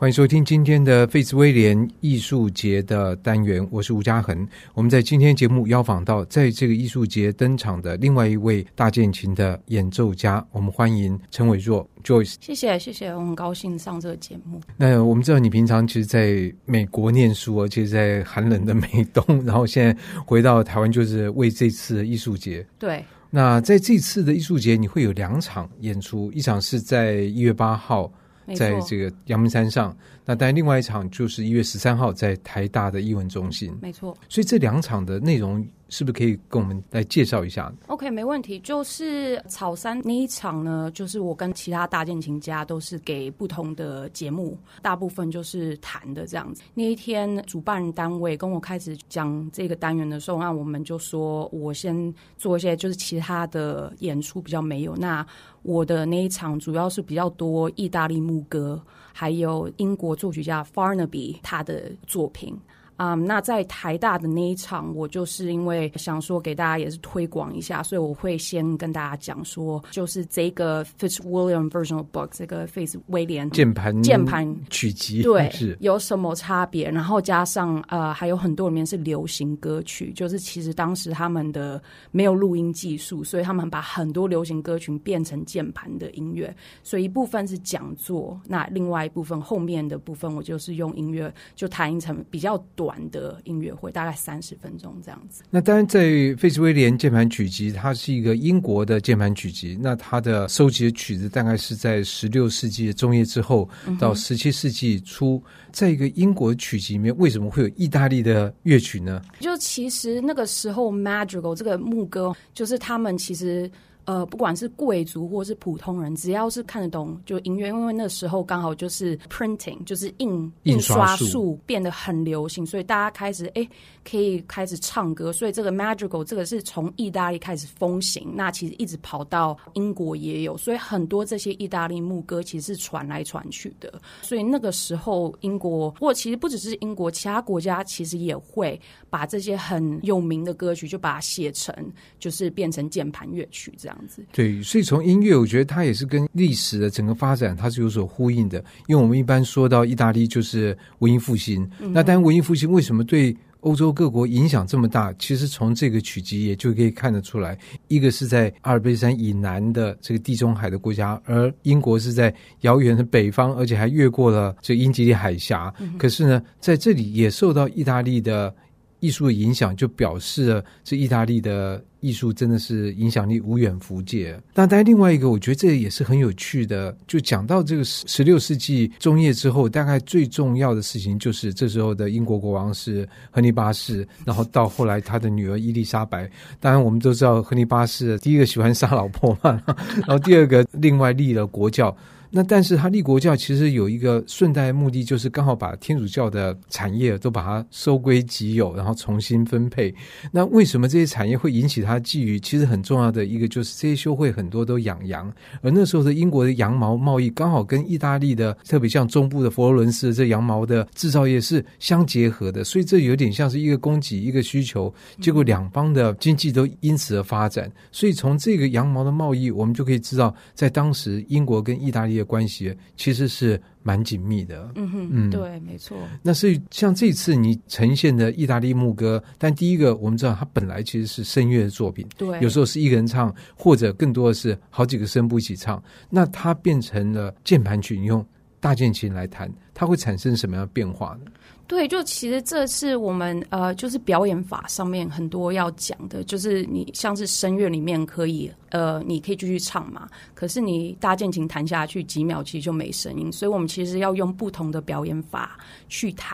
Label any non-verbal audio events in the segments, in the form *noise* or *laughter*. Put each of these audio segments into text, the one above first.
歡迎收聽今天的斐茲威廉藝術節的單元，我是吳家恆。我們在今天節目邀訪到在這個藝術節登場的另外一位大鍵琴的演奏家，我們歡迎陳瑋若 Joyce。謝謝謝謝，我很高興上這個節目。那我們知道你平常其實在美國念書，而且在寒冷的美東，然後現在回到台灣，就是為這次藝術節。對。那在這次的藝術節，你會有兩場演出，一場是在一月八號。在這個陽明山上，那當然另外一場就是一月十三號在台大的藝文中心。沒錯，所以這兩場的內容，是不是可以跟我們來介紹一下？OK，沒問題。就是草山那一場呢，就是我跟其他大鍵琴家都是給不同的節目，大部分就是彈的這樣子。那一天主辦單位跟我開始講這個單元的時候，那我們就說，我先做一些就是其他的演出比較沒有。那我的那一場主要是比較多意大利牧歌，還有英國作曲家 Farnaby 他的作品。啊、um，那在台大的那一場，我就是因為想說給大家也是推廣一下，所以我會先跟大家講說，就是這個 Fitzwilliam Virginal Book 這個 Fitzwilliam 鍵盤鍵盤曲集對是有什麼差別？然後加上呃，還有很多裡面是流行歌曲，就是其實當時他們的沒有錄音技術，所以他們很把很多流行歌曲變成鍵盤的音樂。所以一部分是講座，那另外一部分後面的部分，我就是用音樂就彈成比較短。玩的音樂會大概三十分鐘這樣子。那當然，在斐茲威廉鍵盤曲集，它是一個英國的鍵盤曲集。那它的收集的曲子大概是在十六世紀中葉之後到十七世紀初，嗯，在一個英國曲集裡面，為什麼會有意大利的樂曲呢？就其實那個時候，Madrigal 這個牧歌，就是他們其實。呃，不管是貴族或是普通人，只要是看得懂，就音樂。因為那時候剛好就是 printing，就是印印刷術變得很流行，所以大家開始哎、欸，可以開始唱歌。所以這個 Madrigal 這個是從意大利開始風行，那其實一直跑到英國也有，所以很多這些意大利牧歌其實是傳來傳去的。所以那個時候英國，或其實不只是英國，其他國家其實也會把這些很有名的歌曲，就把它寫成，就是變成鍵盤樂曲這樣。對，所以從音樂，我覺得它也是跟歷史的整個發展，它是有所呼應的。因為我們一般說到意大利，就是文藝復興。那當然，文藝復興為什麼對歐洲各國影響這麼大？其實從這個曲集也就可以看得出來。一個是在阿爾卑山以南的這個地中海的國家，而英國是在遙遠的北方，而且還越過了這英吉利海峽。可是呢，在這裡也受到意大利的。藝術的影響就表示了，這意大利的藝術真的是影響力無遠弗屆。但當另外一個我覺得這也是很有趣的，就講到這個十六世紀中葉之後，大概最重要的事情就是這時候的英國國王是亨利八世，然後到後來他的女兒伊麗莎白。當然，我們都知道亨利八世第一個喜歡殺老婆嘛，然後第二個另外立了國教。那但是他立國教其實有一個順帶目的，就是剛好把天主教的產業都把它收歸己有，然後重新分配。那為什麼這些產業會引起他覬覦？其實很重要的一個就是，這些修會很多都養羊，而那時候的英國的羊毛貿易剛好跟意大利的，特別像中部的佛羅倫斯這羊毛的制造業是相結合的，所以這有點像是一個供給一個需求，結果兩方的經濟都因此而發展。所以從這個羊毛的貿易，我們就可以知道，在當時英國跟意大利。關係其實是蠻緊密的。嗯，嗯哼，嗯，對，沒錯。那所以像這次你呈現的意大利牧歌，但第一個我們知道，它本來其實是聲樂的作品，對，有時候是一個人唱，或者更多的是好幾個聲部一起唱。那它變成了鍵盤曲，你用大鍵琴來彈，它會產生什麼樣的變化呢？對，就其實這是我們呃，就是表演法上面很多要講的，就是你像是聲樂裡面可以呃，你可以繼續唱嘛，可是你大鍵琴彈下去幾秒其實就沒聲音，所以我們其實要用不同的表演法去彈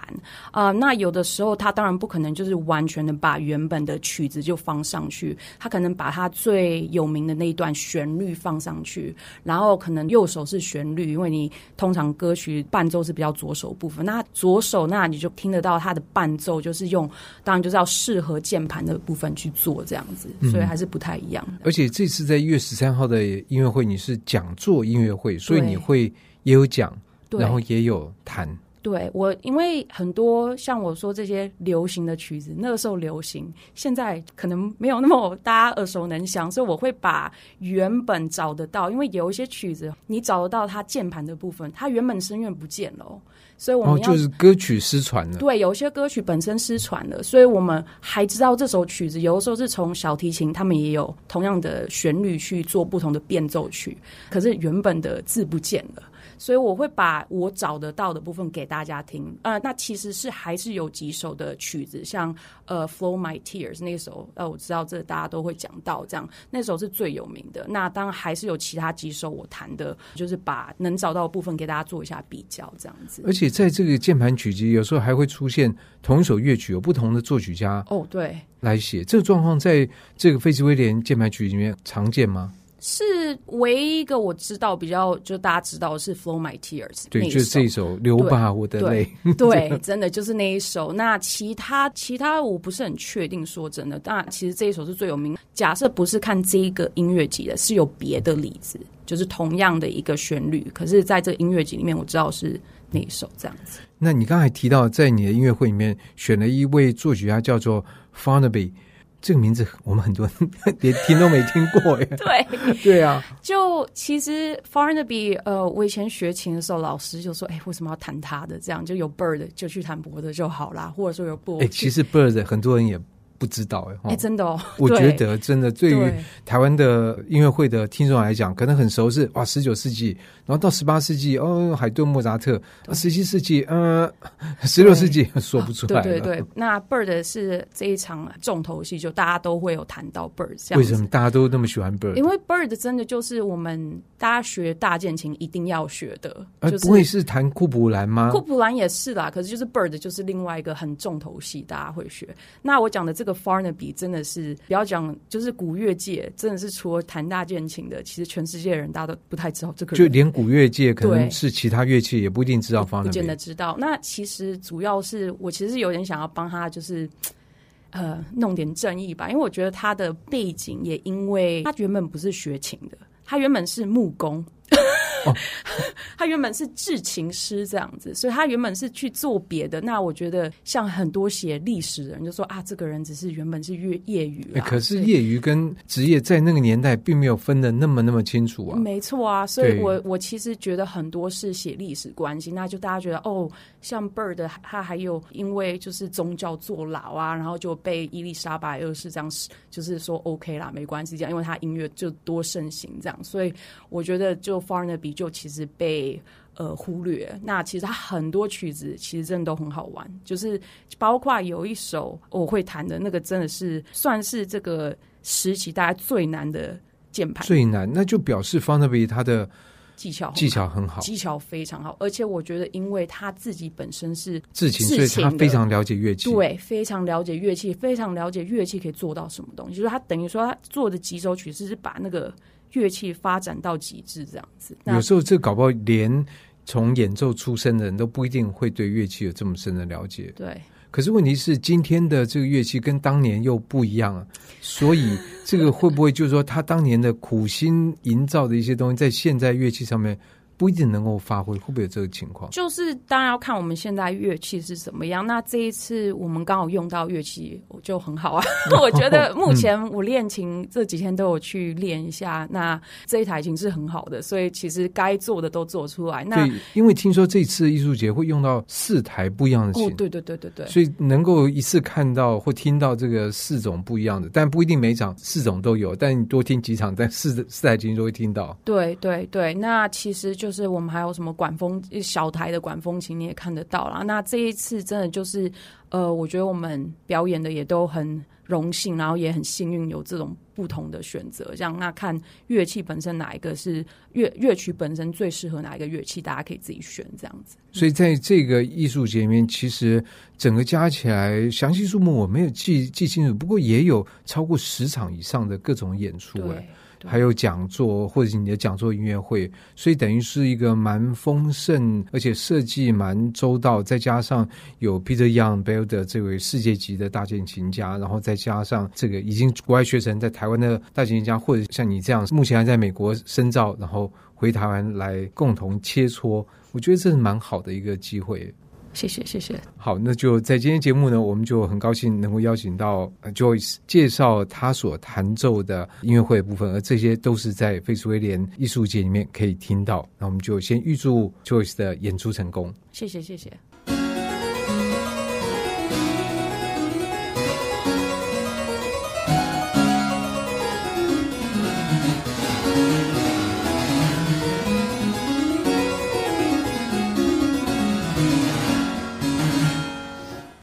啊、呃。那有的時候他當然不可能就是完全的把原本的曲子就放上去，他可能把他最有名的那一段旋律放上去，然後可能右手是旋律，因為你通常歌曲伴奏是比較左手部分，那左手那你就。就聽得到它的伴奏，就是用，當然就是要適合鍵盤的部分去做這樣子，嗯、所以還是不太一樣。而且這次在一月十三號的音樂會，你是講座音樂會，所以你會也有講，然後也有彈。對，對我，因為很多像我說這些流行的曲子，那個時候流行，現在可能沒有那麼大家耳熟能詳，所以我會把原本找得到，因為有一些曲子你找得到它鍵盤的部分，它原本聲樂不見了、哦。所以我們要，哦、就是歌曲失傳了，對，有些歌曲本身失傳了，所以我們還知道這首曲子，有的時候是從小提琴，他們也有同樣的旋律去做不同的變奏曲，可是原本的字不見了。所以我會把我找得到的部分給大家聽，呃，那其實是還是有幾首的曲子，像呃《Flow My Tears》那一首，呃，我知道這大家都會講到，這樣那一首是最有名的。那當然還是有其他幾首我彈的，就是把能找到的部分給大家做一下比較，這樣子。而且在這個鍵盤曲集，有時候還會出現同一首樂曲有不同的作曲家哦，對，來寫。這個狀況在這個斐茲威廉鍵,鍵盤曲裡面常見嗎？是唯一一個我知道比較，就大家知道是《Flow My Tears》，對，就是這一首《流吧我的淚》，對，對，對， *laughs* 對，真的就是那一首。那其他其他我不是很確定，說真的，但其實這一首是最有名。假設不是看這一個音樂集的，是有別的例子，就是同樣的一個旋律，可是在這音樂集裡面，我知道是那一首這樣子。那你剛才提到，在你的音樂會裡面選了一位作曲家叫做 Farnaby。這個名字我們很多人連聽都沒聽過耶。 *laughs* 對， *laughs* 對啊。就其實，Farnaby，呃，我以前學琴的時候，老師就說：“哎，為什麼要彈他的？這樣就有 Byrd 就去彈 Byrd 就好啦。或者說有 Byrd。”哎，其實 Byrd 很多人也。不知道哎、欸，哎、欸，真的哦， *laughs* 我覺得真的，對於台灣的音樂會的聽眾來講，可能很熟是哇，十九世紀，然後到十八世紀，哦，海頓、莫扎特，啊、十七世紀，嗯、呃，十六世紀說不出來，哦。對對對，那 Bird 是這一場重頭戲，就大家都會有談到 Bird。為什麼大家都那麼喜歡 Bird？因為 Bird 真的就是我們大家學大鍵琴一定要學的，就是，欸、不會是談庫普蘭嗎？庫普蘭也是啦，可是就是 Bird 就是另外一個很重頭戲，大家會學。那我講的這個。這個 Farnaby 真的是，不要講，就是古樂界真的是，除了彈大鍵琴的，其實全世界的人大家都不太知道這個。就連古樂界，可能是其他樂器也不一定知道 Farnaby，不見得知道。那其實主要是，我其實是有點想要幫他，就是呃，弄點正義吧。因為我覺得他的背景也，因為他原本不是學琴的，他原本是木工。哦、 *laughs* 他原本是製琴師這樣子，所以他原本是去做別的。那我覺得像很多寫歷史的人就說啊，這個人只是原本是業業餘、啊欸、可是業餘跟職業在那個年代並沒有分得那麼那麼清楚啊。沒錯啊，所以我我其實覺得很多是寫歷史關係，那就大家覺得哦，像 Byrd 他還有因為就是宗教坐牢啊，然後就被伊麗莎白一世這樣就是說 OK 啦，沒關係這樣，因為他音樂就多盛行這樣，所以我覺得就 Farner i 比。就其實被呃忽略。那其實他很多曲子其實真的都很好玩，就是包括有一首我會彈的那個，真的是算是這個時期大家最難的鍵盤最難。那就表示法納比他的技巧技巧很好，技巧非常好。而且我覺得，因為他自己本身是製琴，所以他非常了解樂器，對，非常了解樂器，非常了解樂器可以做到什麼東西。就是他等於說他做的幾首曲子是把那個。樂器發展到極致，這樣子。有時候這搞不好連從演奏出身的人都不一定會對樂器有這麼深的了解。對，可是問題是今天的這個樂器跟當年又不一樣了啊，所以這個會不會就是說他當年的苦心營造的一些東西，在現在樂器上面？不一定能夠發揮，會不會有這個情況？就是當然要看我們現在樂器是什麼樣。那這一次我們剛好用到樂器就很好啊。 *laughs* 我覺得目前我練琴這幾天都有去練一下、嗯，那這一台琴是很好的，所以其實該做的都做出來。那因為聽說這次藝術節會用到四台不一樣的琴，哦、對對對對對，所以能夠一次看到或聽到這個四種不一樣的，但不一定每一場四種都有。但你多聽幾場，但四四台琴都會聽到。對對對，那其實就。就是我們還有什麼管風小台的管風琴，你也看得到啦。那這一次真的就是，呃，我覺得我們表演的也都很榮幸，然後也很幸運有這種不同的選擇。這樣，那看樂器本身哪一個是樂樂曲本身最適合哪一個樂器，大家可以自己選這樣子。所以在這個藝術節裡面，其實整個加起來詳細數目我沒有記記清楚，不過也有超過十場以上的各種演出哎。還有講座或者你的講座音樂會，所以等於是一個蠻豐盛，而且設計蠻周到，再加上有 Pieter-Jan Belder 的這位世界級的大鍵琴家，然後再加上這個已經國外學成在台灣的大鍵琴家，或者像你這樣目前還在美國深造，然後回台灣來共同切磋，我覺得這是蠻好的一個機會。謝謝，謝謝。好，那就在今天節目呢，我們就很高興能夠邀請到 Joyce 介紹他所彈奏的音樂會的部分，而這些都是在斐茲威廉藝術節裡面可以聽到。那我們就先預祝 Joyce 的演出成功。謝謝，謝謝。